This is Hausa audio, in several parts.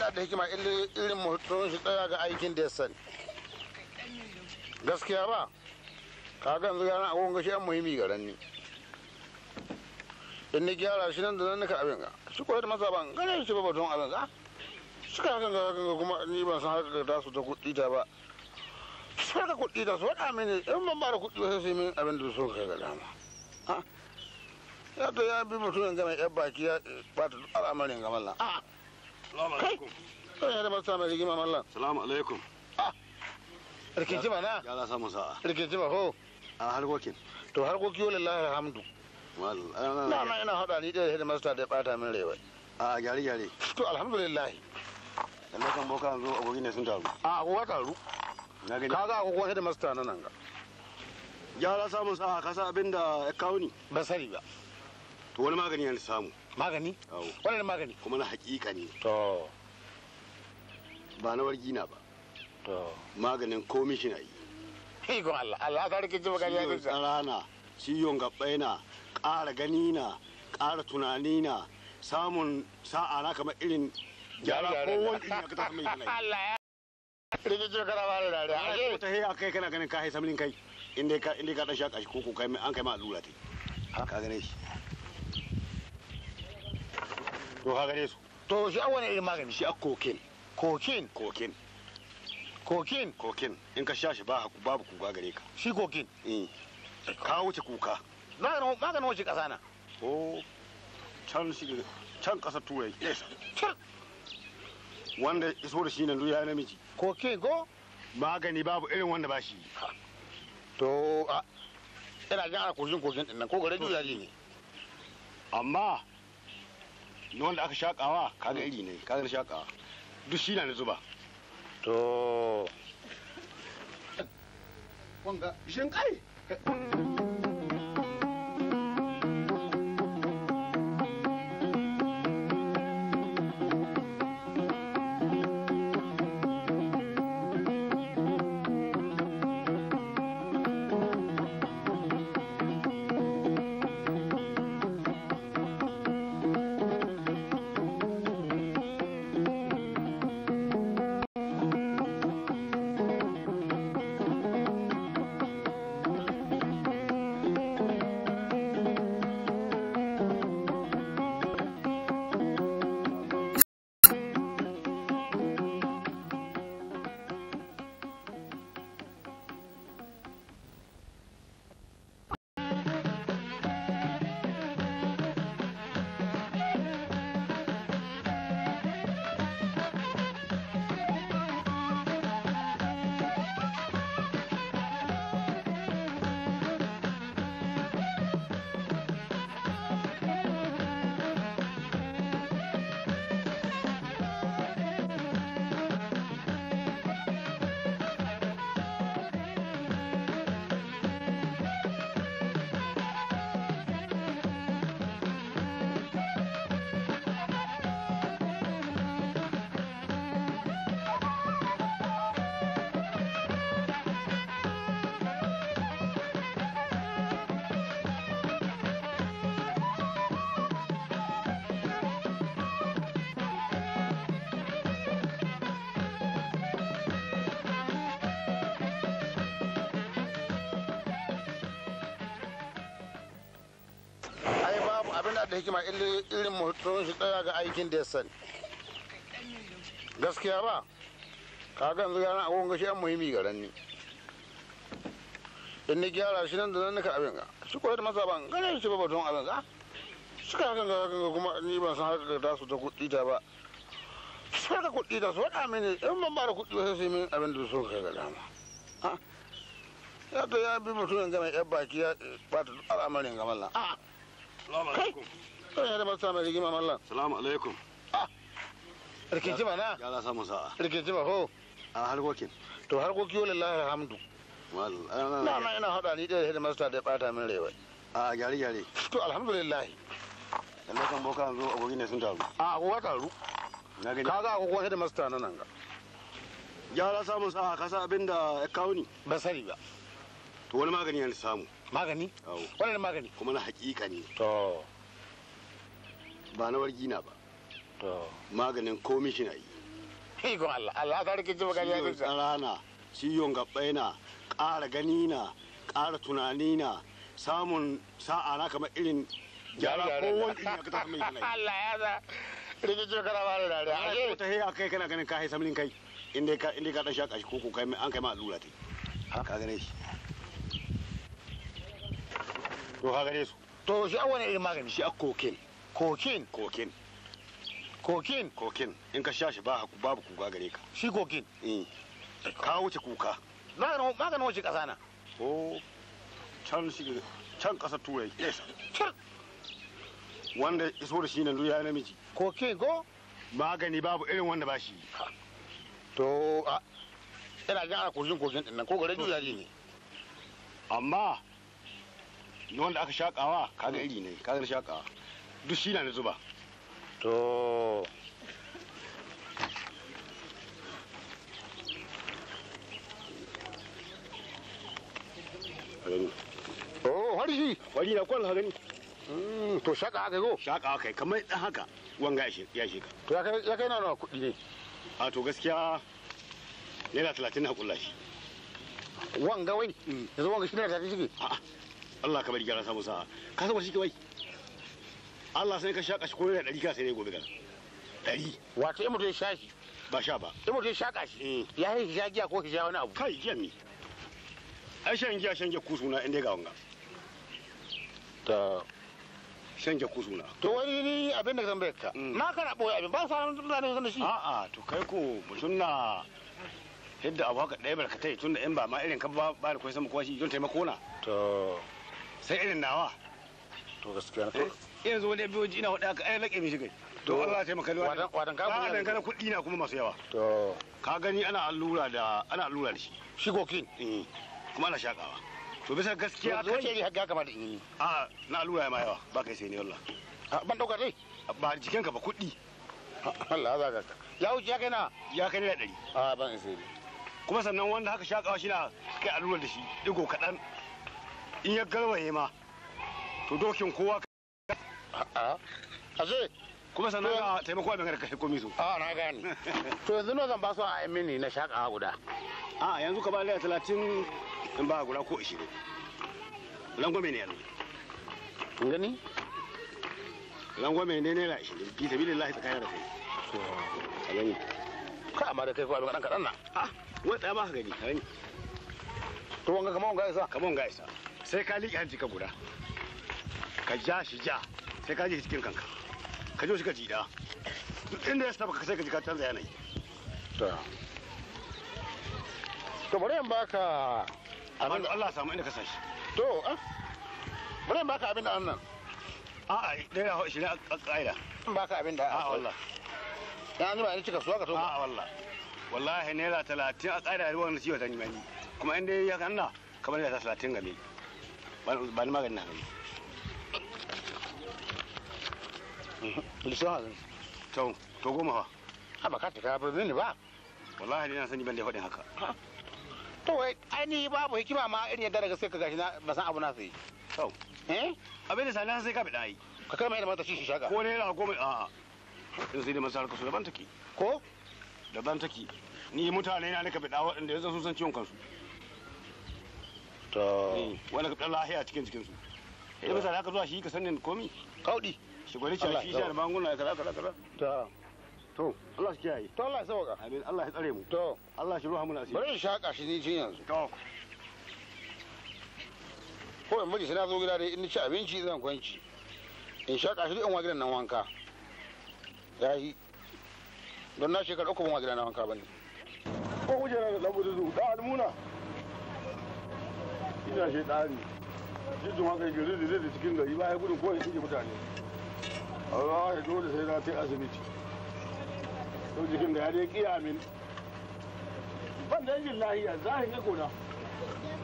yana da hikima irin mutum shi tsaya ga aikin da ya sani gaskiya ba ka ga yanzu gana agogon gashi an muhimmi ga ranni in ni gyara shi nan da nan nika abin ga shi kuwa da masa ban gane shi ba batun abin ga suka ka ga hakan ga kuma ni ban san haka da su ta kuɗi ta ba sai ka kuɗi ta su faɗa mini in ban ba da kuɗi ba sai su yi min abin da su ka ga dama ya to ya bi mutum yin gama yan baki ya bata al'amarin gaman nan Salamu alaikum. Kai ya Salamu alaikum. Ah. Rikici ba na? Ya za samu sa'a. Rikici ba ho? A harkokin. To harkoki yau lillahi alhamdu. Na na ina haɗa ni da headmaster da ya ɓata min rewa. A gyare gyare. To alhamdulillah. Lallai kan boka yanzu agogi ne sun taru. A agogo taru. Na gani. Ka ga agogon headmaster na nan ga. Gyara samun sa'a ka sa abin da ya kawo ni. Ba ba. To wani magani yanzu samu. magani wannan magani kuma na hakika ne to ba na wargina ba to maganin komishina yi ikon Allah Allah ka rike ji magani ya dinka rana ciyon gabbai na ƙara gani na ƙara tunani na samun sa'a na kamar irin gyara ko wani ya ka tafi mai Allah ya rike ji ka ba da dare a ta hey akai kana ganin ka hai samlin kai inda ka inda ka dan shaka shi koko ko kai an kai ma allura ta ka gane shi to ka gare su to shi an wani irin magani shi a kokin kokin kokin kokin kokin in ka sha shi babu ku ga gare ka shi kokin eh ka wuce kuka maganin wuce kasa na o can shi can kasa turai yes wanda iso da shi nan ya namiji kokin ko magani babu irin wanda ba shi to a ina ga ana kurjin kokin din nan ko gare juya ne amma na wanda aka shakawa kaga iri ne kaga na shakawa duk shi na na zuba to wanga shin kai abin da hikima irin mutum shi tsaya ga aikin da ya sani gaskiya ba kaga yanzu gana a gunga shi an muhimmi ga ranni in ni gyara shi nan da nan nika abin ga shi kuwa da masa ban gane shi ba batun abin ga ka hakan ga hakan ga kuma ni ban san haka da su ta kuɗi ta ba su ka kuɗi ta su faɗa mini in ban ba da kuɗi sai su yi min abin da su ka ga dama ya ta ya bi mutum yin gama yan baki ya bata al'amarin gaman nan a'a Salamu alaikum. Kai da ba sa rigima mallam. Salamu alaikum. Ah! Rikici ba na? Ya la samu sa'a. Rikici ba ho? A harkokin. To harkoki wallahi alhamdu. Na na ina hada ni da headmaster da bata min rewa. A gyare gyare. To alhamdulillah. Lalle kan boka yanzu agogi ne sun taru. A agogo taru. Ka ga gani. Kaga agogo headmaster na nan ga. Ya la samu sa'a kasa abinda ya kawo ni. Ba sani ba. To wani magani ya samu. magani wannan magani kuma na hakika ne to ba na wargi na ba to maganin komishina yi ikon Allah Allah ta rikici ba gani ya dinsa rana ciwon gabbai na ƙara gani na ƙara tunani na samun sa'a na kamar irin gyara ko wani ya ka ta mai yanayi Allah ya za rikici ka da bada dare a ce ta hei kai kana ganin ka hei samlin kai inda ka inda ka dan shaka shi koko kai an kai ma allura ta ka gane shi to ka gare su to shi wani irin magani shi a kokin kokin kokin kokin kokin in ka sha shi babu kuka gare ka shi kokin eh. ka wuce kuka maganin wuce ƙasa na o can shi can ƙasa turai yes wanda iso da shi nan na namiji kokin go magani babu irin wanda ba shi to ina ga a kurjin kokin din nan ko gare juya ne amma na wanda aka shakawa kaga iri ne kaga shakawa duk shi na na zuba to Oh, har shi. Wani na kwan gani. Hmm, to shaka aka go? Shaka aka kamar dan haka wanga ya ka To ya kai nawa kuɗi ne? A to gaskiya naira talatin na kulla shi. Wanga wai? Hmm. Yanzu wanga shi na talatin shi ne. A'a. Allah ka bari gyara samu sa'a ka saba shi kawai Allah sai ka shaka shi ko da dari ka sai ne gobe gara dari wato in mutum sha shi ba sha ba in mutum shaka shi mm. ya yi sha giya ko sha wani abu kai giya ne ai shan giya shan giya kusuna inda ga wanga ta shan giya kusuna to wani ni abin da zan bayyana mm. na kana boye abin ba sa ne zan da shi a'a to kai ko mutum na yadda abu haka ɗaya barkatai tun da in ba ma irin ka ba da kwai sama kwashi don taimako na to sai irin nawa to gaskiya na eh, yanzu wani biyo ina wadda aka ai laƙe mishi gai to Allah ya maka wadan ka ba dan kana kuɗi na kuma masu yawa to ka gani ana allura da ana allura da shi shi kokin eh kuma ana shakawa to bisa gaskiya ka ce haka kamar in ni a na allura ya ma yawa ba kai sai ne wallah ban dauka dai ba jikin ka ba kuɗi Allah za ka ya wuce ya kai na ya kai na dari a ban sai kuma sannan wanda haka shakawa shi na kai allura da shi digo kaɗan in ya garwaye ma to dokin kowa a'a zai kuma sannan ga taimako abin ka komai so a na gani to yanzu nawa zan ba su a mini na shaka guda a yanzu ka ba laya talatin in ba guda ko ishirin langwame ne yanzu gani langwame ne naira ishirin bi sabi lillahi tsakanin da kai a gani ka amma da kai ko abin kaɗan kaɗan na a wai tsaya ba ka gani a gani to wanga kamar wanga isa kamar wanga isa sai ka liƙe hanci ka guda ka ja shi ja sai ka ji cikin kanka ka jo shi ka jida inda ya saba ka sai ka ji ka canza yanayi to bari in baka abin da Allah samu inda ka sashi to ah bari in baka abin da annan a'a dai ya shi ne a kaida in baka abin da a wallah an zuba ne cika suwa ka to a'a wallah wallahi naira talatin a kaida ruwan siyo ta ni kuma inda ya kanna kamar da 30 game ba ni maganin na gani lishin hazin to to goma fa ha ba ka ta ba zan ba wallahi ina sani ban da faɗin haka to wai ainihi babu hikima ma irin yadda daga sai ka gashi na ba san abu na sai to eh abin da sani sai ka bi yi. ka kai mai da mata shi shaka ko ne na goma a a sai da masar ka su daban take ko daban take ni mutane na ka bi da waɗanda yanzu sun san ciwon kansu to eh, wanda ka dan lahiya cikin cikin su sai ba sai ka zuwa shi ka sanin komi Kauɗi shi gwani cewa shi da magunguna kaza kaza kaza to to Allah shi kiyaye to Allah ya sauka amin Allah ya tsare mu to Allah shi ruha mu nasiri bari shaka shi ne cin yanzu to ko in miji sai na zo gida dai in ci abinci zan kwanci in shaka shi in wa gidan nan wanka yayi don na shekara uku ban wa gidan nan wanka bane ko kujera da lambu da zu da almuna ina shi tsari jirgin haka yake zai zai da cikin gari baya gudun ko ya tuke mutane amma ya dole sai na ta asibiti to jikin da ya dai kiya min ban da yin lahiya zahin ya kona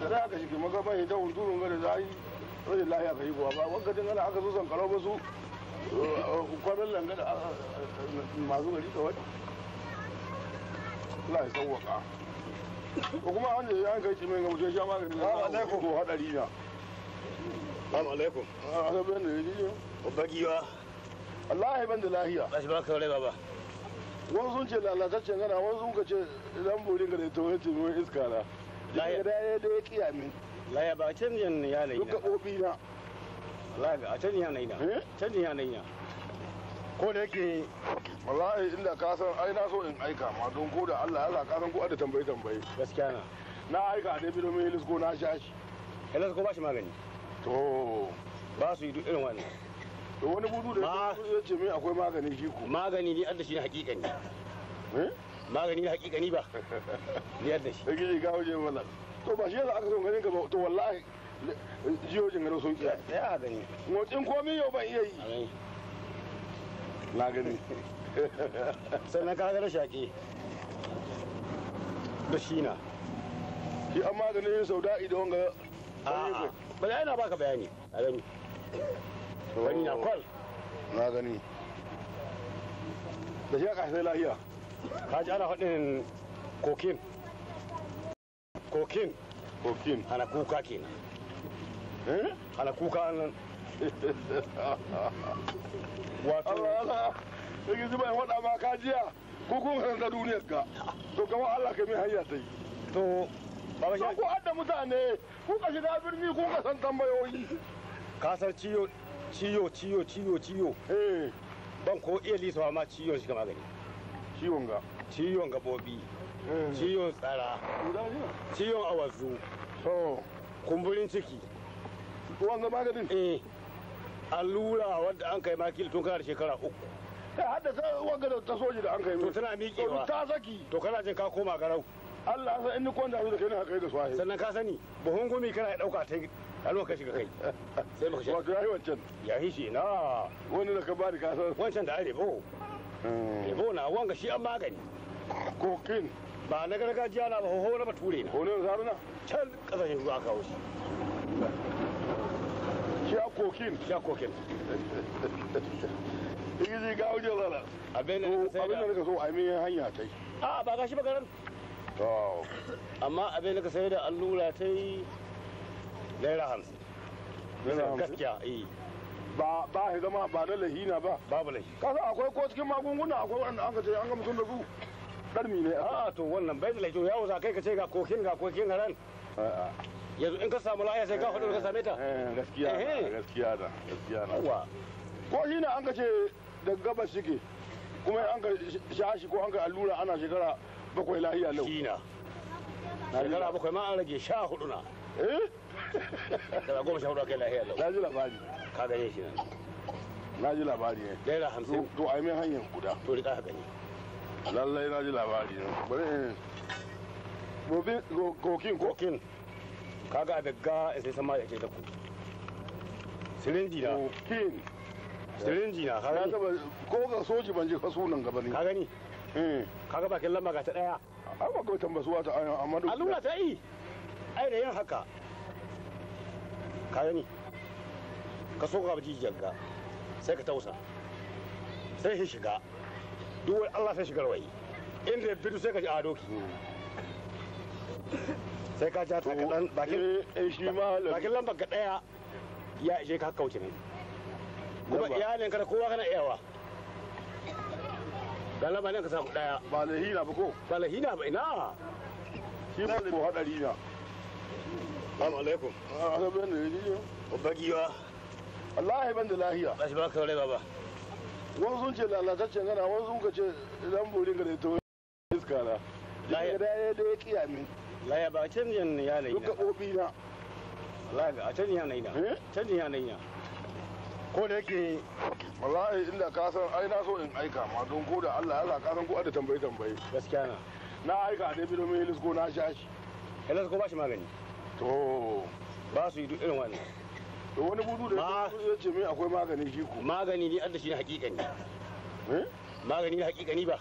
da za ka shige maka bai da hundurun gari zahi rajin lahiya ka yi kuwa ba wakacin ana aka zo sankarau ba su eh, kwanan langa da eh, eh, masu gari kawai Allah ya sauwaka. ko kuma wanda ya kai cimin ga mutum ya maganin da alaikum ko hadari na assalamu alaikum assalamu alaikum babbagiwa wallahi ban da lahiya ba ba kawai baba wani sun ce lalataccen gana wani sun ka ce idan burin ga da ita wani cimin iska na lahiya da ya da ya kiya min lahiya ba canjin yanayi na duk gaɓoɓi na lahiya a canjin yanayi na eh? canjin yanayi na ko da yake wallahi inda ka san ai na so in aika ma don ko da Allah ya ka san ko da tambaye tambaye gaskiya na na aika a dabi domin hilis ko na shashi. hilis ko ba shi magani to ba su yi duk irin wannan to wani budu da ya ce mai akwai magani shi ko magani ni adda shi ne hakikani magani ne hakikani ba ni adda shi kake ga waje wannan to ba shi yasa aka so ganin ka ba to wallahi jiyojin garo sun kiya ya gani motsin komai yau ban iya yi na gani sannan ka gano shaƙi da shi na shi an maganin sau da ido wanga ba da yana baka bayani a gani wani na kwal na gani da shi a ƙasar lahiya ka ji ana faɗin kokin kokin kokin ana kuka kenan eh? ana kuka nan wato Allah yake zuba in wada ma ka jiya ko kun karanta duniyar ka to kamar Allah ka mai hanya ta yi to baba shi ku adda mutane ku ka shiga birni ku ka san tambayoyi ka san ciyo ciyo ciyo ciyo ciyo eh ban ko iya lisawa ma ciyon shi ka magani ciwon ga ciwon gabobi eh. ciwon tsara ciwon awazu kumburin ciki wanga maganin eh allura wadda an kai makil tun kana da shekara uku kai hadda sai wanga da ta soji da an kai to tana miƙewa ta saki to kana jin ka koma garau Allah sai in ni kwanda da kai ne haka da swahi sannan ka sani buhun gumi kana ya dauka ta alwa ka shiga kai sai maka shiga wato yayi wancan ya hishi na wani da ka bari ka san wancan da ai rebo hmm. rebo na wanga shi an magani kokin ba na gargajiya na ba hoho na bature na hono zaruna can kasashen ruwa kawo shi kokin ya kokin in ga wajen lala abin da ka so a mai hanya ta a ba shi ba gashi bakaran amma abin da ka sai da allura naira yi naira hamsin gaskiya eh ba ba ya zama ba na lahina ba babu lahi kasa akwai ko cikin magunguna akwai wanda an ka ce an ga mutum da su darmi ne a to wannan bai da lahi to yawo za kai ka ce ga kokin ga kokin ran yanzu in ka samu la'aya sai ka faɗo ka same ta gaskiya gaskiya da gaskiya na eh. wa ko shi ne an ka ce da gabas shike kuma an ka shashi ko an ka allura ana shekara bakwai lahiya lau shi na shekara bakwai ma an rage sha hudu na eh da goma sha hudu kai lahiya lau na ji labari ka gane shi nan na ji labari ne eh. naira hamsin to a yi mai hanyar guda to rika ka gani lallai na ji labari ne bari in gokin gokin kaga abegga sai sama da ke da ku sirinji na kin sirinji na gani? ba ko ga soji ban je kaso nan gaba ne gani? eh kaga bakin lamba ga ta daya a ba ga tambasuwa ta amadu allura ta yi ai da yin haka ka gani ka so ka ji jagga sai ka tausa sai shi shiga duk Allah sai shigar wai inda ya sai ka ji a ah, doki hmm. sai ka ja ta kaɗan eh, eh, bakin lambar ka ɗaya ya ishe ka kauce ne kuma iyalin ka kowa kana iyawa ga lamba ne ka samu ɗaya ba lahina ba ko ba lahina ba ina shi ba da haɗari na Assalamu alaikum. Assalamu alaikum. Babbar giwa. Allah ban da lahiya. Ba shi ba ka rai baba. Wani sun ce lalataccen gana, wani sun ka ce lamburin ga da ito iska na. da ya da ya kiya min. laya ba canjin yanayi duk gaɓoɓi na laya a canjin yanayi na eh? canjin yanayi na ko da yake wallahi inda ka san ai na so in aika ma don ko da Allah Allah ka san ko da tambaye tambaye gaskiya na na aika a dabi domin helis ko na sha shi helis ba shi magani to ba su yi duk irin wannan to wani budu da ya ce min akwai magani shi ko magani ne adda shi na hakikani eh? magani na hakikani ba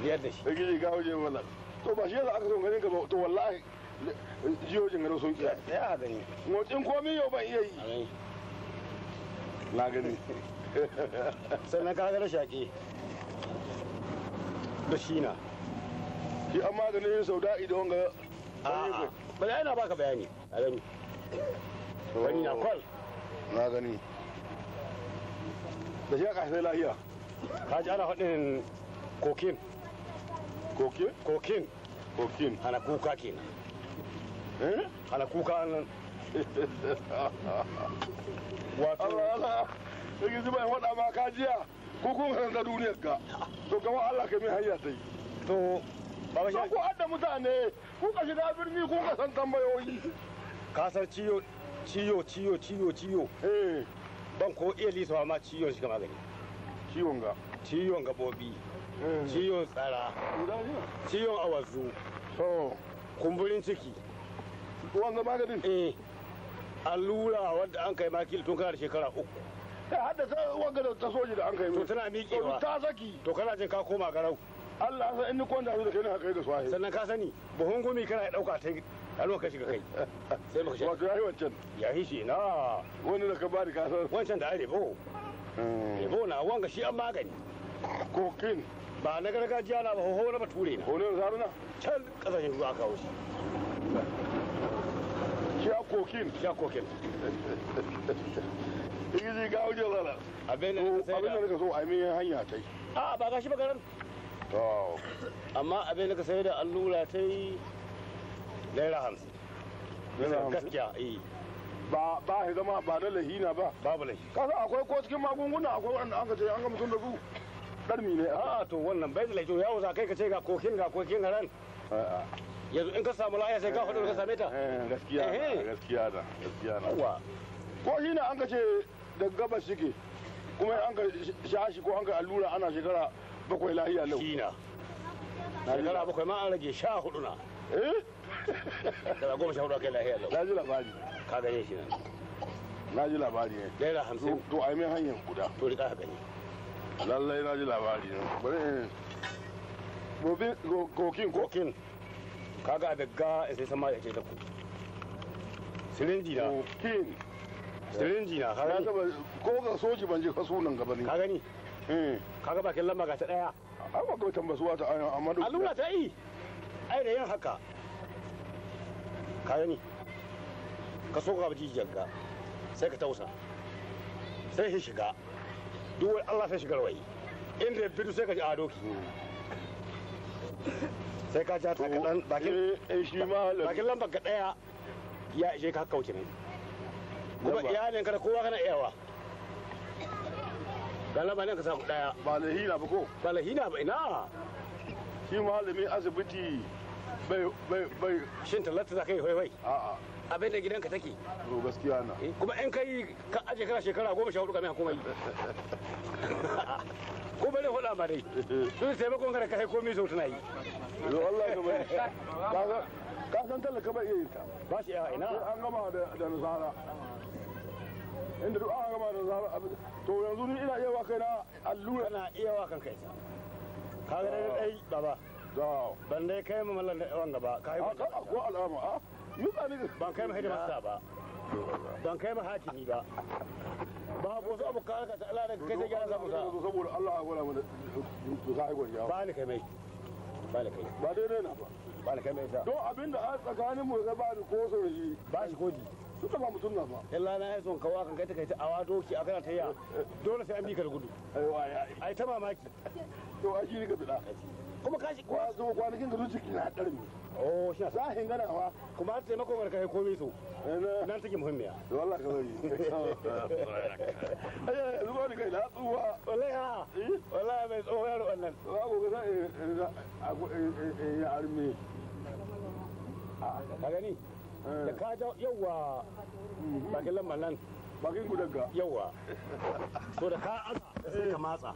ni adda shi kake ga waje wannan to ba shi yasa aka son ganin gaba to wallahi jiyojin ganin sun kiya ya gani motsin komi yau ban iya yi na gani sannan ka ga shaƙi da shi na shi an maganin yin sau da'i da wanga ba da yana baka bayani a gani wani na kwal na gani da shi aka sai lahiya ka ji ana faɗin kokin kokin kokin kokin ana kuka kenan eh ana kuka nan wato Allah Allah sai yanzu bai faɗa ma ka jiya ko kun karanta duniyar ka to kamar Allah ka mai hanya sai to baba shi ku adda mutane ku ka shiga birni ku ka san tambayoyi ka san ciyo ciyo ciyo ciyo ciyo eh ban ko iya lisawa ma ciyo shi ka magani ciwon ga ciwon gabobi ciwon tsara ciwon awazu kumburin ciki wanda maganin eh allura wadda an kai makil tun kana da shekara uku kai hadda ta wanga da ta soji da an kai to tana miƙewa ta saki to kana jin ka koma garau Allah san in ni kwanda da kai ne haka da swahi sannan ka sani buhun gumi kana ya dauka ta a lokacin kai sai muka shi wato yayi wancan yayi shi na wani da ka bari ka san wancan da arebo hmm. ebo na wanga shi an magani kokin ba na gargajiya na ba hoho na bature na hoho na zaruna can kasashen ruwa kawo shi shi a kokin shi a kokin ingiji ga wajen zala abin da ka sai da so a mai hanya ta yi a ba ga shi bagaran amma abin da ka sai da allura ta yi naira hamsin gaskiya eh ba ba zama ba na lahina ba babu lahi kasa akwai ko cikin magunguna akwai wanda an ka ce an ga mutum da su ɗarmi ne a to wannan bai da lajo yawo za kai ka ce ga kokin ga kokin ran yanzu in ka samu laya sai ka hudu ka same ta gaskiya gaskiya da gaskiya na eh, eh. wa ko shi ne an ka ce da gabas ke kuma an ka shashi ko an ka allura ana shekara bakwai lahiya lau shi na shekara bakwai ma an rage sha hudu na eh daga goma sha hudu kai lahiya lau na ji labari ka gane shi na. na ji labari ne naira hamsin to a yi hanyar guda to rika gani lallai na ji labari ne bari gobin gokin gokin kaga da ga sai sama ya ce da ku sirinji na gokin sirinji na kaga ba ko ga soji ban je kaso nan gaba ne ka gani eh. kaga bakin lamba ga ta daya ai ba ga tambasuwa ta amma allura ta yi ai da yin haka ka gani kaso ga ka ba jijiyar ga sai ka tausa sai shi shiga duk wani Allah sai shigar wai inda ya fito sai ka ji a doki sai ka ja ta kaɗan bakin lambar ka ɗaya ya ishe ka kauce ne kuma iyalin ka da kowa kana iyawa ga lamba ne ka samu ɗaya ba hina ba ko ba hina ba ina shi malamin asibiti bai bai bai shin talatta za ka yi haihuwa a'a abin da gidanka take to gaskiya na eh, kuma in kai ka aje kana shekara goma sha hudu kamar kuma yi ko bane hola ma dai sun sai bakon kada kai komai sau tana yi yo Allah ka bari ka san talaka bai iya yin ta ba shi yawa ina an gama da da nazara inda duk an gama da nazara to yanzu ni ina iya wa kai na allura ina iya wa kan kai ka ga dai baba ban dai kai mu mallan wanda ba kai ko al'ama a yuka miki ban kai mahidi masta ba ban kai mahakimi ba ba ko su abu kaka ta Allah daga kai sai gyara samu sa saboda Allah ya gora mana to sai gora ya ba ni kai mai ba ni kai ba dai ne na ba ba ni kai mai sa to abinda a tsakanin mu ga ba ni ko so shi ba shi kodi suka ba mutum na ba illa na yi son kawo kan kai ta kai ta awa doki a kana ta yi dole sai an bi ka da gudu ai ta mamaki to a shi ne ka da. kuma kashi kwa zo kwanakin garin ciki na haɗarin oh shi za a hingana wa kuma taimako komai so eh, nan take muhimmiya wala ka zari ayi zuwa da kai na tsuwa wallahi ha eh? wallahi mai yaro wannan za ku ga eh, ah, ka gani da ka ja yawa mm-hmm. bakin nan bakin yawa so da ka sai ka matsa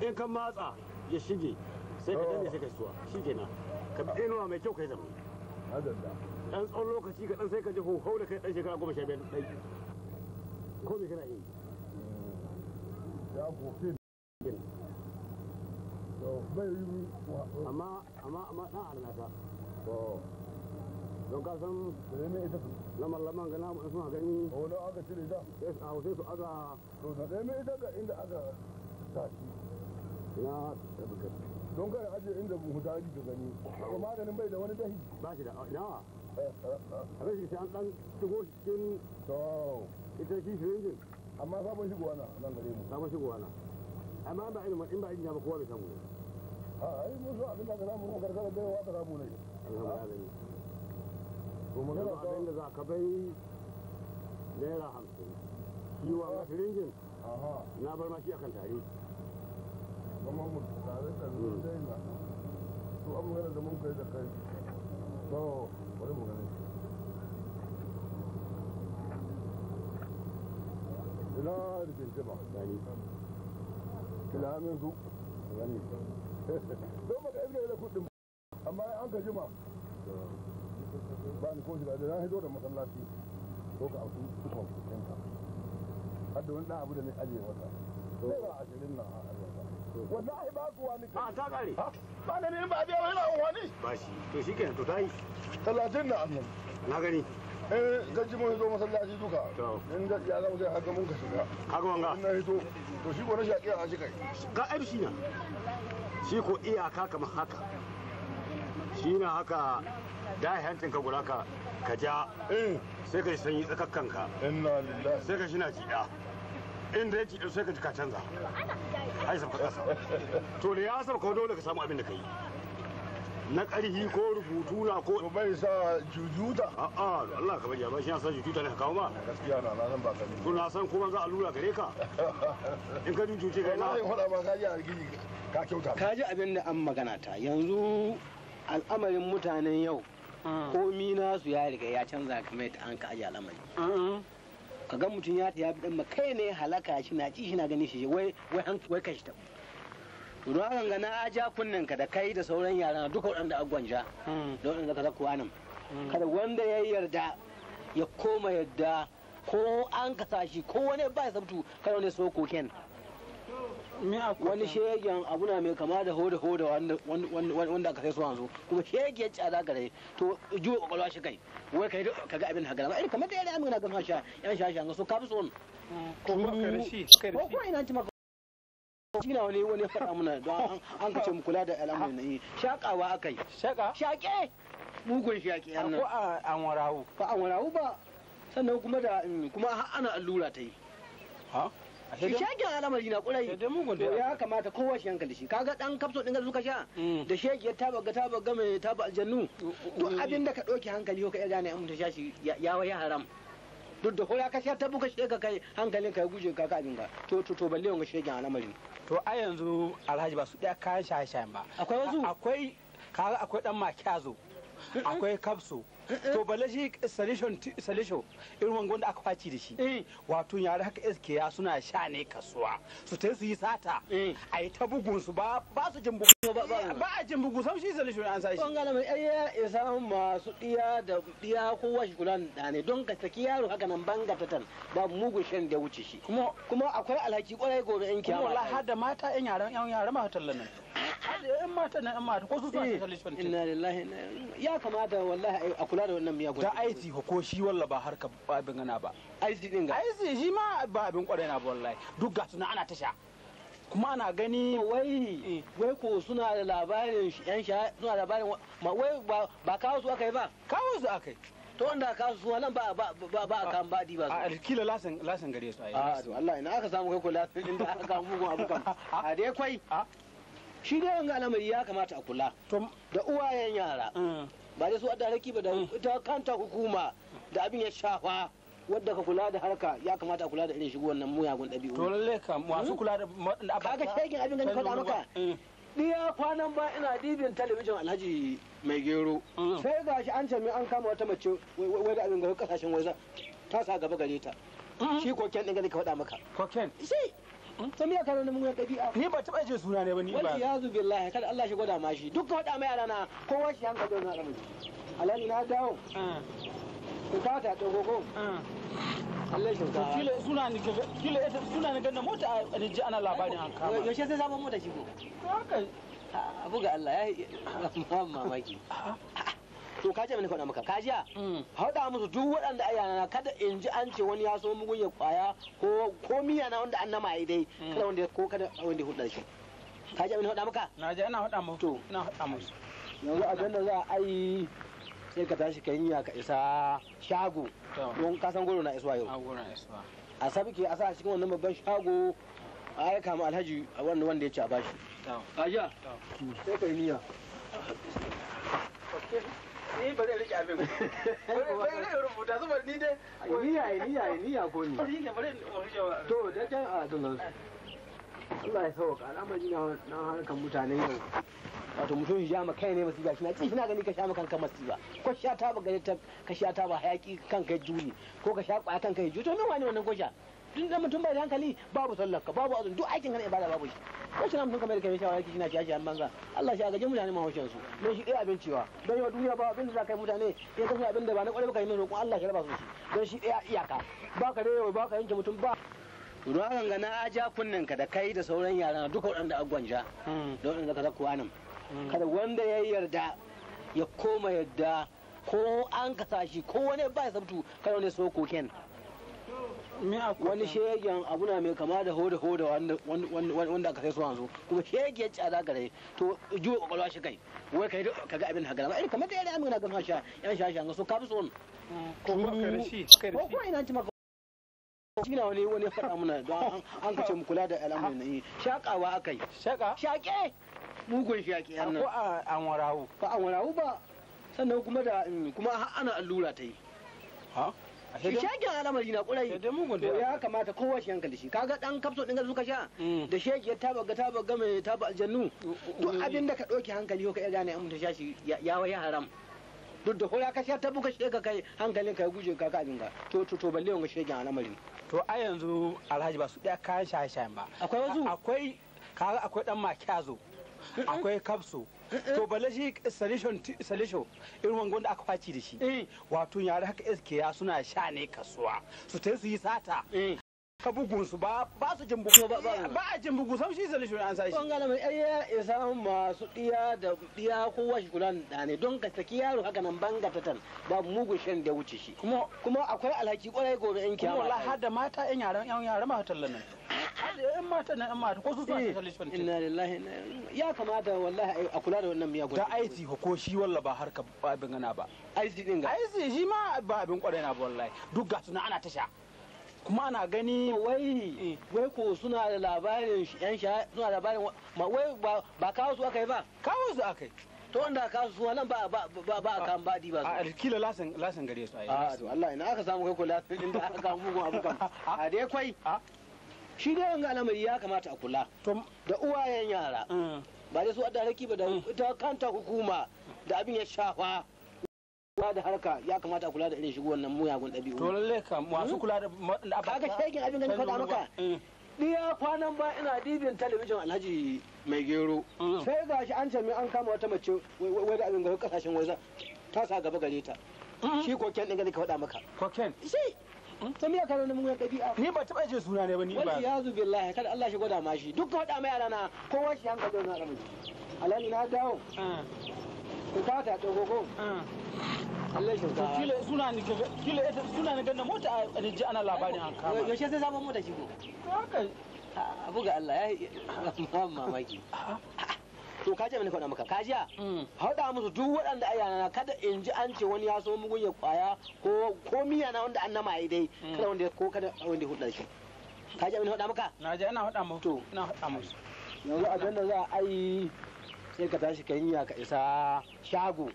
in ka matsa ya shige sai ka danne oh. sai ka suwa shi kenan ka bi mai kyau kai zama ɗan tsawon lokaci ka ɗan sai ka ji hau da kai ɗan shekara goma sha biyar ko kana yi ya bai yi amma amma amma arnata don lamar lamar gana mu suna gani a wani aka cire da sai su aza to da mai ita ga inda aka tashi na don kada ajiye inda buhu ta aji ka gani amma maganin bai da wani dahi ba shi da nawa a rashin eh, eh, eh. sai an dan shigo cikin ita shi shirin amma sabon shigowa na nan gare mu sabon shigowa na amma ba ilimin in ba ilimin ba kowa bai samu ne a yi mun so abin da ka samu karkara da yawa ta samu ne kuma magana abin da za ka bai naira hamsin shi wa shirin na bar ma shi akan tare zaman mu tare da mu mm. sai na to an magana da mun kai da kai to bari mu gane ina da kirkiba gani kila min su gani don baka iska da kudin amma an ka jima ba ni ko shi da na hizo da masallaci ko ka abu kusan kusanka har wani abu da ne ajiye ba ashirin na a wallahi ba ku wani ah, a ta kare ba da ne ba biya wani lawan wani ba shi to shi kenan to ta yi talatin na annan na gani eh gaji mun zo masallaci duka in ga ya zama sai haka mun ka shiga haka wanga na hito to shi ko na akira a shi kai ga aibshi na shi ko iyaka kamar haka shi na haka da hancin ka guda ka ka ja eh. sai ka yi sanyi tsakakkanka inna lillahi sai ka shi na jiya in reti ɗin sai ka ji ka canza ai sauka ƙasa to da ya kawai dole ka samu abin da ka yi na ƙarhi ko rubutu na ko to bai sa jujuta a'a Allah ka bari ba shi ya san jujuta ne kawo ba gaskiya na na san ba ka to na san kuma za a lura gare ka in ka jujuce kai na wallahi faɗa ba ka ji argiji ka kyauta ka ji abin da an magana ta yanzu al'amarin mutanen yau ah. komi nasu ya riga ya canza kamar ta an ka aje al'amari ah, ah. ka ga mutum ya tafi dan makai ne halaka shi na ci shi na gani shi wai wai an wai shi ta to don haka ga na aja kunnen ka da kai da sauran yara duka waɗanda gwanja. da waɗanda ka zakuwa nan kada wanda ya yarda ya koma yadda ko an kasa shi ko wani ba sabtu kada wani so koken wani shegen abu na mai kama da hoda hoda wanda aka sai su wanzu kuma shegen tsada gare to juwa kwakwalwa shi kai wai kai ka ga abin hagara irin kamar da yana amina ga masha yan shasha ga su kafi tsohon mm. ko ko ina ci maka Shina wani wani faɗa muna don an kace mu kula da na yi shakawa akai shaka shaƙe. mugun shake yan nan ko a anwarawu ba anwarawu ba sannan kuma da mm, kuma ana allura ta yi ha shi shagin al'amari na kurai to ya kamata kowa shi hankali shi kaga dan kapso din da suka sha mm. da shegi ya taba ga taba ga mai taba aljannu mm, mm, duk abin da ka dauki hankali ko ka gane an ta sha shi ya haram duk da kula ka sha ta buka shega kai hankalin ka guje ka ka abin ka to to to balle wanga shegin al'amari to a yanzu alhaji ba su daya kayan shaye-shayen ba akwai wasu akwai kaga akwai dan makiyazo akwai kapsu to bala shi solution solution irin wangon da aka faci da shi eh. wato yare haka SK ya suna sha ne kasuwa su ta su yi sata eh. a yi ta bugun su ba ba su jin bugun ba a jin bugun sam shi solution an sashi bangana mai ayya ya samu masu diya da diya kowa shi kula da ne don ka saki yaro haka nan banga tatan ba mugun shan da wuce shi kuma akwai alhaki kwarai gobe in kiyama wallahi har da mata yan yaran yan yaran ma tallan nan yan mata na yan mata ko su suna shi eh, kalishfan inna lillahi ya kamata wallahi a kula da wannan miyagun da aiki ko shi walla ba harka ba abin gana ba aiki din ga aiki shi ma ba abin kwarai na ba wallahi duk ga suna ana tasha kuma ana gani wai eh. wai ko suna da labarin yan suna da labarin wai ba kawo su aka yi ba kawo su aka yi to wanda ka su nan ba ba ba ba kan badi ba a alkila lasan lasan gare su a to Allah ina aka samu kai ko lasan inda aka mugun abu kam a dai kai shi dai wanga al'amari ya kamata a kula da uwayen yara mm. ba da su a daraki ba da kanta hukuma da abin ya shafa wadda ka kula da harka ya kamata a kula da irin shigo wannan muyagun ɗabi'u to lalle ka masu mm. kula da da kaga shegin abin da faɗa maka Diya mm. kwanan ba ina dibin talabijin alhaji mai gero sai ga shi an cami an kama wata mace wai da abin gaba kasashen waje ta sa gaba gare ta shi koken ɗin gani ka faɗa maka koken to me ya kana mun wani ɗabi'a ni ba taba ce suna ne ba ni ba wani yazu billahi kada Allah shi gwada mashi duk ka faɗa mai yara na kowa shi hankali na ramu alani na dawo ku ka ta dogo ko Allah shi ka kila suna ni kila ita suna ni ganna mota a ji ana labarin an kama yaushe sai sabon mota shi ko haka abu ga Allah ya yi mamaki to ka ji abin faɗa maka ka jiya hauɗa mm. musu duk waɗanda ayyana kada in ji an ce wani ya so mugun ya kwaya ko ko miya na wanda annama yi dai mm. kada wanda ko kada wanda ya hulɗa shi ka ji abin faɗa maka na ji ina faɗa musu to ina faɗa musu yanzu abin da za a yi sai ka tashi kan yiya ka isa shago don ka goro na isuwa yau a sabke a sa cikin wannan babban shago a aika ma alhaji a wanda wanda ya ci a bashi. Aja, sai ka yi niyya. ni eh, ba zai rike abin bai zai rubuta zuwa ni dai niya yi niya yi niya ko ni ni ne bari to da kan a ah, dole Allah ya sauka al'amari na na harkan mutane yau wato mutum shi ma kai ne masiba shi na ci shi gani ka sha ma kanka masiba ko sha ta ba gari ta ka sha ta ba hayaki kanka juri ko ka sha kwaya kanka juri to min wani wannan ko sha tun zama mutum bai da hankali babu sallarka babu azumi duk aikin ganin ibada babu shi ko shi na mutum kamar kai shawara kishi na shi an banza Allah shi a gaji mutane mahaushin su don shi ɗaya abin cewa don yau duniya ba abin da za ka yi mutane ya kasu abin da ba na ƙwarai baka yi mai roƙon Allah shi raba su shi don shi ɗaya iyaka ba ka rewa ba ka yanke mutum ba ruwa ganga na aja kunninka da kai da sauran yara duka waɗanda agwanja hmm. da waɗanda ka zakuwa nan hmm. kada wanda ya yarda ya koma yadda ko an kasa shi ko wani ba ya sabtu kada wani soko koken wani shegen abuna mai kama da hoda hoda wanda aka sai su wanzu kuma shegen tsada gare to juwa kwakwalwa shi kai wai kai ka ga abin hagara irin kamar da yare amina ga sha yan sha sha su ka bi tsohon mm. ko mm. ko ina ci maka Shina wani wani faɗa muna don an kace mu kula da al'amuran nan eh, shakawa akai shaka shaƙe? mugun shake nan ko an warawu ba an warawu ba sannan kuma da mm, kuma ana allura ta yi ha shi shegen al'amari na kurai to ya kamata kowa shi hankali shi kaga dan kafso din suka sha mm. da shege ya taba ga taba ga mai taba aljannu to mm, mm, abin da ka dauki hankali ko ka iya gane in mutum sha shi ya waya haram duk da kura ka sha ta buka shega kai hankalin ka ya guje ka kafin ka to to to balle wanga shegen al'amari to a yanzu alhaji ba su da kayan shaye-shayen ba akwai wasu akwai kaga akwai dan makyazo akwai kafso to balle shi solution solution irin wangon wanda aka faci da shi eh. wato yare haka SK ya suna sha ne kasuwa su ta su yi sata eh. ka bugun su ba su jin bugu ba ba a jin bugu sam shi solution an sai shi don gana mai ayya ya samu masu diya da diya ko washi kulan da ne don ka saki yaro haka nan banga tatan ba mugun shan da wuce shi kuma kuma akwai alhaki kwarai gobe yan kiyama wallahi har da mata yan yaran yan yaran ma tallan nan yan mata na yan mata ko su suna eh, solution inna lillahi ya kamata wallahi a kula da wannan miya gudu da aiti ko shi walla ba harka abin gana ba aiti din ga aiti shi ma ba abin kwarai na ba wallahi duk ga suna ana tasha kuma ana gani wai wai ko suna da labarin yan sha suna da labarin ma wai ba kawo su aka yi ba kawo su aka yi to wanda ka su nan ba ba ba kan ba di ba a kila lasin lasan gare su a to Allah ina aka samu kai ko lasan inda aka samu mugun abu kan a dai kai shi dai wanga al'amari ya kamata a kula da uwayen yara mm. ba dai su a da ba da mm. ita kanta hukuma da abin ya shafa kula da harka ya kamata a kula da irin shigo wannan muyagun ɗabi'u to lalle ka masu kula da waɗanda kaga shegin abin da ni faɗa maka mm. Mm. iya kwanan ba ina dibin talabijin alhaji mai gero mm. sai gashi an ce an kama wata mace wai da abin ga kasashen waje ta sa gaba gare ta shi koken ɗin gani ka faɗa maka koken shi ta miya karo na mugun ɗabi'a ni ba taɓa je suna ne ba ni ba Wallahi yazu billahi kada Allah shi gwada mashi duk ka faɗa mai yara na kowa shi hankali na ɗan alhaji na dawo fata ta gogo Allah shi ta kila suna ni kila suna ni ganna mota a riji ana labarin an kama yaushe sai sabon mota shigo haka abu ga Allah ya mamaki to ka ce mini faɗa maka kajiya haɗa hmm. musu duk waɗanda ayyana na kada in ji an ce wani ya so mugun ya kwaya ko ko miya na wanda an nama yi dai hmm. kada wanda ko kada wanda hudar shi ka ji mini faɗa maka na ji ina faɗa musu to ina faɗa musu yanzu a da za a yi sai ka tashi ka yinya ka isa shago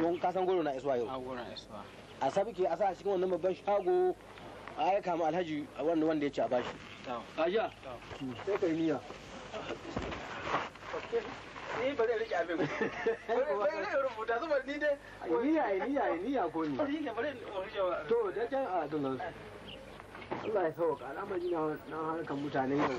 don kasan goro na isuwa yau ah, a sabke a sa a cikin wannan babban shago a ya kama alhaji a wannan wanda ya ci a bashi ajiya sai ka yi niyya ni ba zai rike abin ba zai rubuta zuba ni dai niyya niyya niyya ko ni to da jan a ah, donan Allah ya sauka al'amari na na harkar mutane yau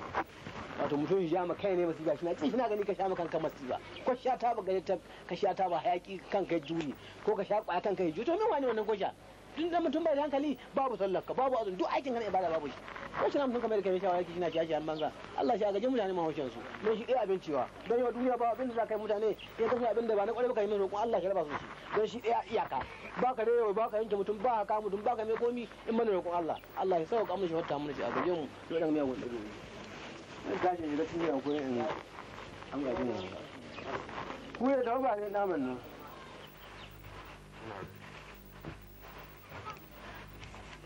wato mutum shi ma kai ne masu shi na ci na gani ka sha kanka masiba ko sha ta ba gani ta ka sha ta ba hayaki kanka juli ko ka sha kwa kanka juli to me wani wannan ko sha tun da mutum bai da hankali babu sallar ka babu azumi duk aikin kana ibada babu shi ko shi na mutum kamar kai shawara kishi na shi ajiyar banza Allah shi a gajin mutane mahaushin su don shi ɗaya abin cewa don wa duniya ba abin da za ka yi mutane ya kasance abin da ba na ƙwarai ba yi mai roƙon Allah shi raba su shi don shi ɗaya iyaka ba ka rewa ba ka yanke mutum ba ka kama mutum ba ka mai komi in mana roƙon Allah Allah shi sauƙa mun shi wata mun shi a gajin mu don ɗan miyagun ɗago ne gashin shi da tun yau ko in an gaji ne ba ne naman nan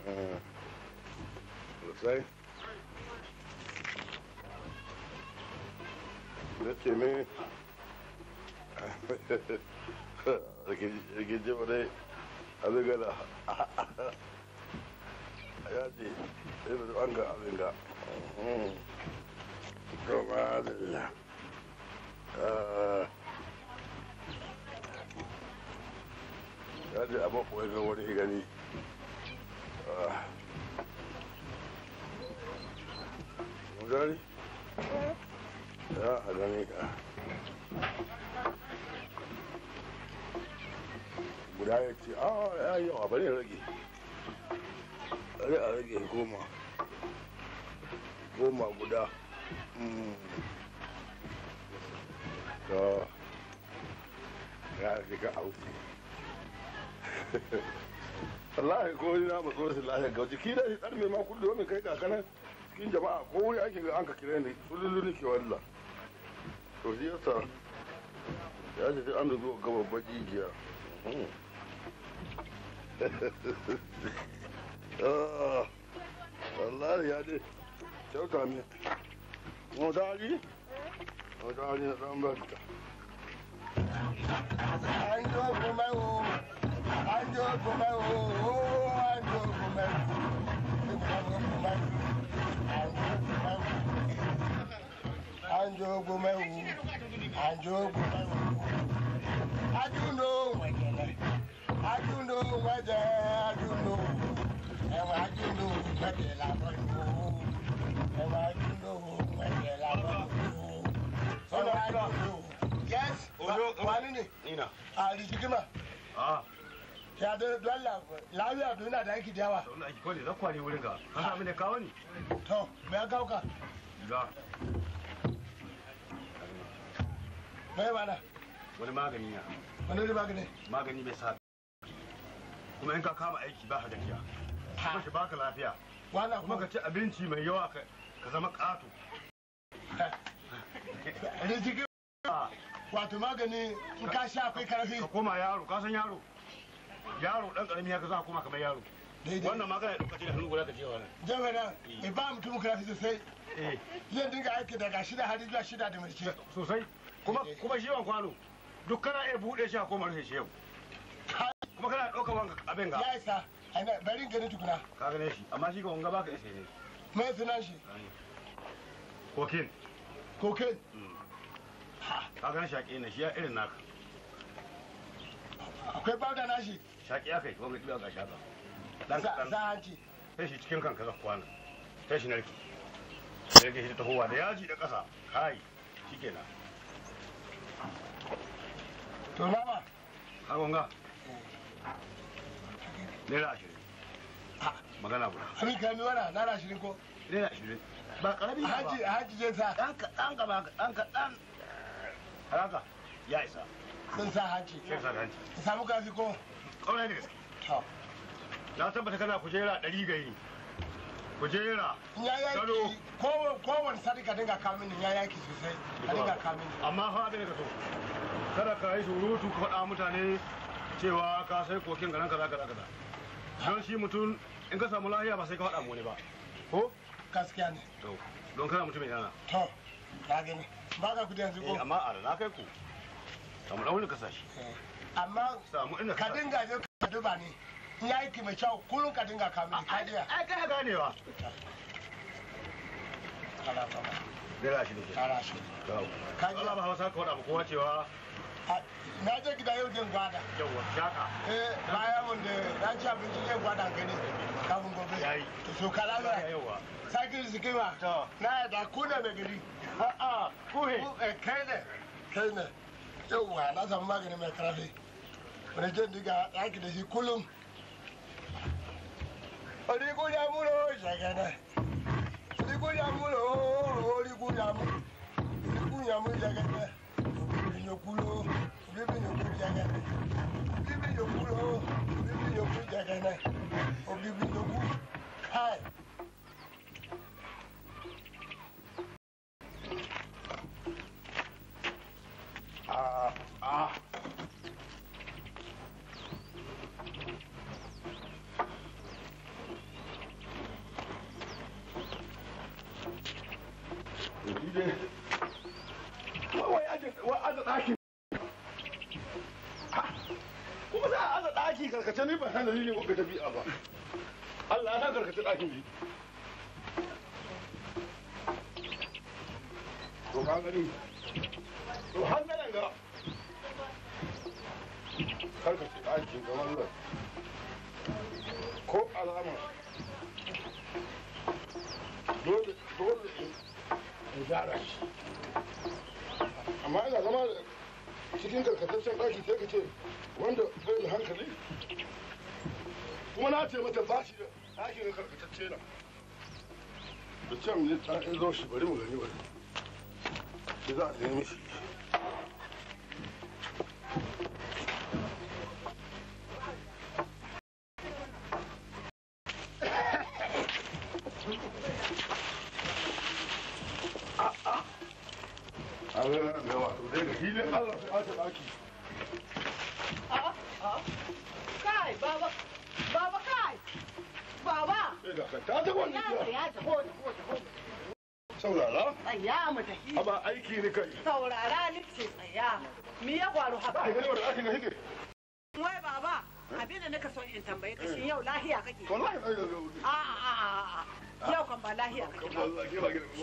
Looks like. Nace mai rikici ba dai abin gada ya ce sai da an ga abin ga gaba da ya ce abin koyi ga wani gani leƙa guda ya ce a ah, ya yi yawa bari rage bari a rage goma goma guda ta hmm. ya ka auki wallahi ko ni na matso shi lafiya ga jiki da shi tsarme ma kullu domin kai kakanan cikin jama'a ko wuri ake an ka kira ne ni sululu ke wallah to shi yasa ya ce an da zo ga babbar jijiya ah, ya dai kyauta ne mu mu na dan barka an zo kuma an zo kuma an zo kuma an zo kuma anjogo mewu anjogo mewu adundo wegele adundo wede adundo ewa adundo wede la boyo ewa adundo wede la boyo ewa adundo yes wanini nina alijikima ah ya da lalla lafiya don na da aiki da yawa don aiki kone na kware wurin ga an samu da kawo mai mana wani magani ya wani ne magani magani mai sa kuma in ka kama aiki ba ka gajiya kuma shi baka lafiya wala kuma ka ci abinci mai yawa ka zama ƙato rijiki wato magani in ka sha akwai karfi ka koma yaro ka san yaro yaro dan karami ya ka za koma kamar yaro wannan magana ya ɗaukaci da hannu guda ka je wannan jami'a na eh. ba mutum karfi sosai eh. zai dinga aiki daga shida har zuwa shida da mulki sosai kuma shi ban kwano duk kana buɗe shi a koma shi yau kuma kana ɗaukar wanka abin ga ya ka gane shi amma shi ga wanga baka isa ne mai shi kokin kokin mm. ka gane shaƙi ne shi ya irin naka akwai bada na shi shaƙi ya kai ɗiba ga shaƙa cikin kanka za kwana sai shi narki sai shi ta tahowa da yaji da ƙasa kai to nawa agonga naira ashirin ah. magana guda abin kami wana naira ashirin ko naira ashirin ba karami ba haji haji zai sa dan kaɗan gaba dan kaɗan haraka ya isa sun sa hanci sun sa hanci ka samu kasi ko ƙaunar da gaske na tabbata kana kujera ɗari gari kujera gado kowane sadika dinga kamini ya yaki sosai a dinga kamini amma fa abin da ka so kada ka yi surutu ka faɗa mutane cewa ka sai kokin garin kaza kaza kaza don shi mutum in ka samu lahiya ba sai ka faɗa mu ba ko gaskiya ne to don kana mutumin yana to na gani ba ka kudi yanzu ko eh, amma a na kai ku samu wani kasashe eh, amma ka dinga je ka duba ne in ya yi mai kyau kullum ka dinga kamun kariya ai kai ganewa shi ne. shi. Kaji. ba hausa ka faɗa ba kowa cewa na je gida yau din gwada eh baya mun da na ci abinci zai gwada gani kafin gobe to so kala sakin na ya da kuna mai gari a'a kuhe eh, kai ne kai ne yauwa na magani mai karafi wani jin diga ɗaki da shi kullum mulo mulo mulo mulo yokulo bibi yoku jagana bibi yokulo bibi yoku jagana o bibi yoku kai. kuma na ce mata ba shi da ɗakin ga karkatacce na da can ne ta zo shi bari mu gani bari za a nemi shi ji kai saurara ni tsaya me ya faru haka ai gani wai baba abin da nake so in tambaye ka shin yau lahiya kake wallahi a a a yau kan ba lahiya kake ba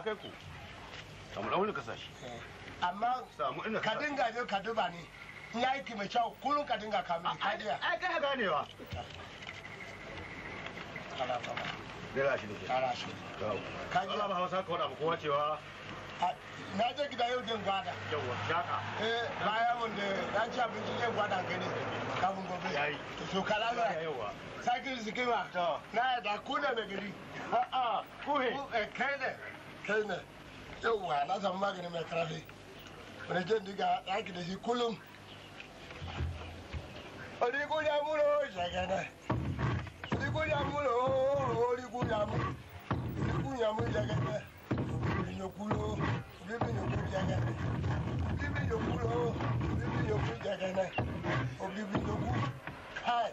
akai eh, amma ka dinga zo ka duba ne in ya yi mai kyau kullum ka dinga ka mai kadiya kai ganewa Ka ji ba Hausa ka wada kowa cewa na je gida yau din gwada. shaka. Eh, bayan mun da na abinci zai gwada gani. Kafin gobe. Yayi. To so kala ba. Yawwa. Sakin To. Na da kuna na gari. A'a, kuhe. Ku eh kai kai ne yauwa na samu magani mai karfi wani jin diga ɗaki da shi kullum origun ya muro shagana origun ya muro origun ya mu origun ya mu shagana bibin yokulo bibin yoku shagana bibin yokulo bibin yoku shagana obibin yoku kai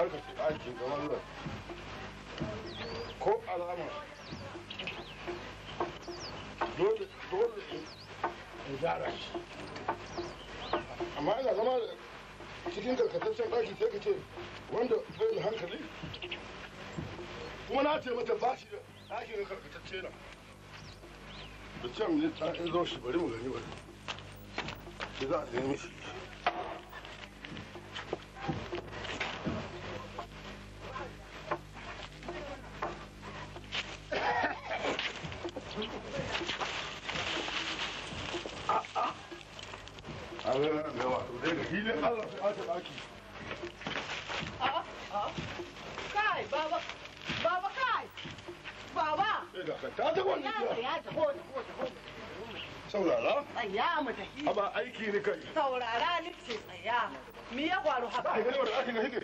karka ki a shugaban nan ko alama dole dole in gyara shi amma ina zama cikin karkataccen ɗaki sai ka ce wanda bai da hankali kuma na ce mata ba shi ɗakin na karkatacce na da can ne ta zo shi bari mu gani bari sai za a nemi shi Hilin Allah sai aka ɗaki. Kai, baba, baba kai, baba. Ta ta wani gida. Ya ta hona, hona, hona. Saurara? Tsaya mu tafi. Aba aiki ni kai. Saurara ni ce tsaya. Me ya faru haka? Ai, gani aikin da kike.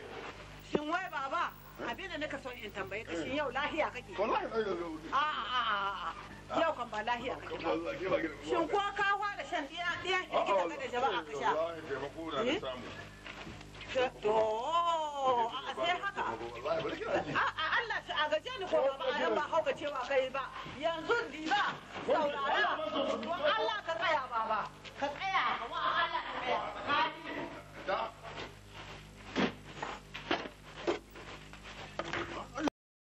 Shin wai baba, abin da nika son in tambaye ka shin eh. yau lahiya kake? Wallahi lahiya. A'a a'a a'a. yau kan ba lahiya kake ba shin ko ka fara shan iya iya kirkita da jama'a ka sha hmm? to a sai haka a Allah ta agaje ni ko ba a ba hauka cewa kai ba yanzu diba saurara don Allah ka tsaya baba ka tsaya wa Allah ka tsaya